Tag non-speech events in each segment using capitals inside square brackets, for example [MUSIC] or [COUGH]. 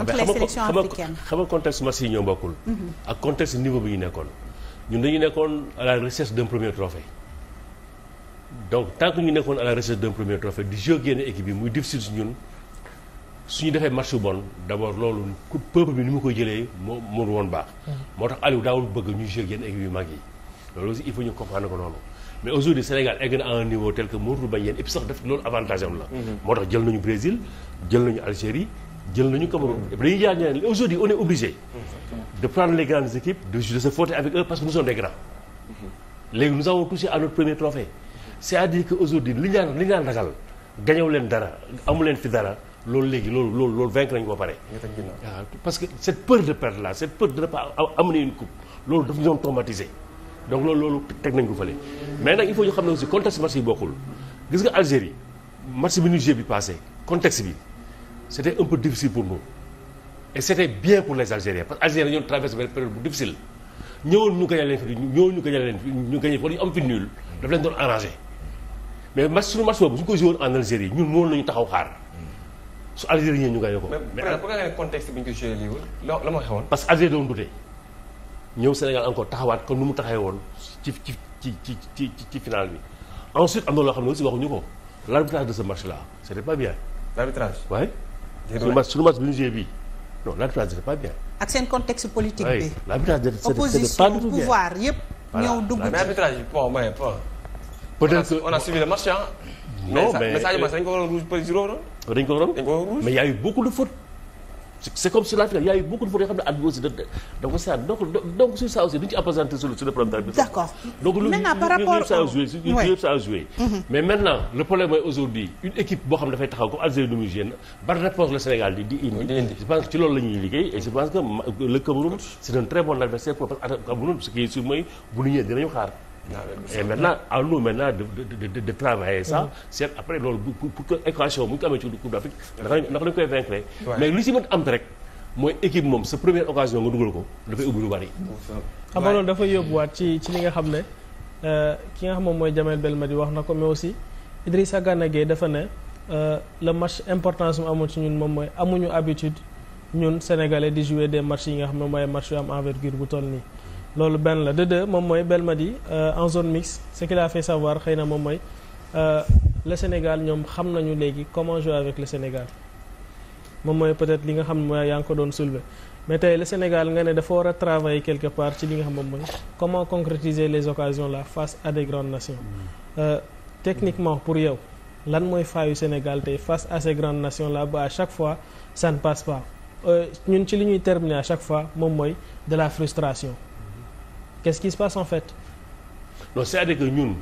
entre les sélections africaines xam nga contexte match yi ñoo bokkul. Mhm. ak contexte niveau bi ñu nekkoon. ñun dañu nekkoon à la recherche d'un premier trophée donc tant que ñu nekkoon à la recherche d'un premier trophée di jouer génne équipe bi muy difficile si ñun suñu defee match bon d'abord loolu peuple bi ni mu koy jëlee moo mënu woon baax. Mhm. moo tax Aliou daawul bëgg ñu jouer génne équipe yu mag yi loolu aussi il faut ñu comprendre ko noonu. mais aujourd'hui Sénégal egg na à un niveau tel que mënatul bañ yéen et puis sax def loolu mhm. moo jël nañu Cameroun dañuy jaar ñu ne aujourd'hui on est obligé de prendre les grandes équipes de de se frotter avec eux parce que nous sommes des grands léegi nous avons touché à notre premier trophée c'est-à-dire que aujourd'hui li ñu li ñu ragal gañew leen dara amu leen fi dara loolu léegi loolu loolu loolu vaincre nañu ko pare ah, parce que cette peur de perdre là cette peur de ne pas amener une coupe loolu daf ñu doon traumatisé donc loolu loolu teg nañ ko fële mais nag il faut xam ne aussi contexte match yi bokkul gis nga Algérie match bi ñu joué bi passé contexte bi c'était un peu difficile pour nous et c'était bien pour les Algériens parce que Algériens dañoo traversé benn période bu difficile ñëwoon ñu gañe leen fi ñooñu ñu gañe leen fi ñu gañe fa fi nul daf leen doon arrangé mais match suñu match boobu su ñu ko joué ñun mënoon nañu taxaw xaar su Algérie ñu gañe ko. mais bu nga ñu ko joué lii la la ma xewoon. parce que Algérie doon dute ñëw Sénégal encore taxawaat comme nu mu taxawee woon ci ci ci ci ci ci final bi ensuite am na loo xam ne wax ñu ko l'arbitrage de ce match là c'était pas bien. suñu match suñu match bi ñu joué bii non l'arbitrage c'était pas bien. ak seen contexte politique bi. l'arbitrage c'était pas pouvoir yëpp. ñëw dugg ci peut-être on a suivi le match non mais mais Sadio Mané dañ ko y a eu beaucoup de fautes. c'est comme sur l'Afrique il y a eu beaucoup de fautes yoo xam ne at bi aussi da da ko seet donc donc sur ça aussi duñu ci appesanté sur sur le problème d'arbitre d'accord donc lu yëpp ça a joué lu yëpp ça a joué mais maintenant le problème mooy aujourd'hui une équipe boo xam ne dafay taxaw comme Algérie nu génn ban réponse le Sénégal di di indi je pense que ci loolu la ñuy liggéey et je pense que le Cameroun c'est un très bon adversaire pour parce que Cameroun ce qui est sûr mooy bu ñu ñëwee dinañu xaar et maintenant à nous maintenant de de de de travailler ça. Mm. seet après loolu pour pour que équation bu ñu ko amee ci Coupe d' Afrique. ndax dañu lu si mën am rek mooy équipe moom sa première occasion nga dugal ko dafay ubbi lu bari. xam dafay yóbbuwaat ci ci li nga xam ne euh, ki nga xam moom mooy ma Belmadi wax na ko mais aussi Idrissa Gana Gueye dafa ne euh, le match importance mu amoon ñun moom mooy amuñu habitude ñun sénégalais di jouer des matchs yi nga xam ne mooy match yu am envergure bu loolu benn la de deux moom mooy Belmadi euh, en zone mixte ce qu'il a fait savoir xëy na moom mooy euh, le Sénégal ñoom xam nañu léegi comment jouer avec le Sénégal moom mooy peut-être li nga xam ne yaa ngi ko doon soulever mais tey le Sénégal nga ne dafa war a travailler quelque part ci li nga xam moom mooy comment concrétiser les occasions la face à des grandes nations mm. euh, techniquement pour yow lan mooy faayu Sénégal tey face à ces grandes nations là ba à chaque fois ça ne passe ñun ci li ñuy terminer à fois moom mooy de la frustration qu'est-ce qui se passe en fait non c'est-à-dire que ñun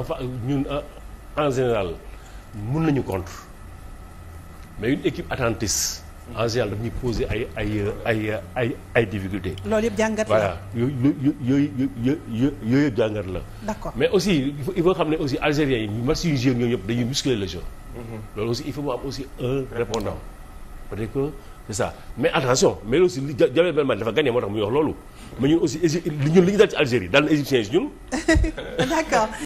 en fa ñun euh, en général mun nañu contre mais une équipe attentiste en général daf ñuy ay ay ay ay ay difficultés. loolu yëpp jàngat la voilà yooyu yooyu yooyu yooyu yëpp la. d'accord mais aussi il faut xam ne aussi algériens yi match yu jeunes ñoom ñëpp dañuy muscler le jeu. Mhm. loolu aussi il faut mu am aussi un répondant peut que. c'est ça mais attention mais aussi li Jamel Belmadi dafa gagné moo tax muy wax loolu mais ñun aussi Égypte ñun li ñu dal ci Algérie dal na égyptiens [LAUGHS]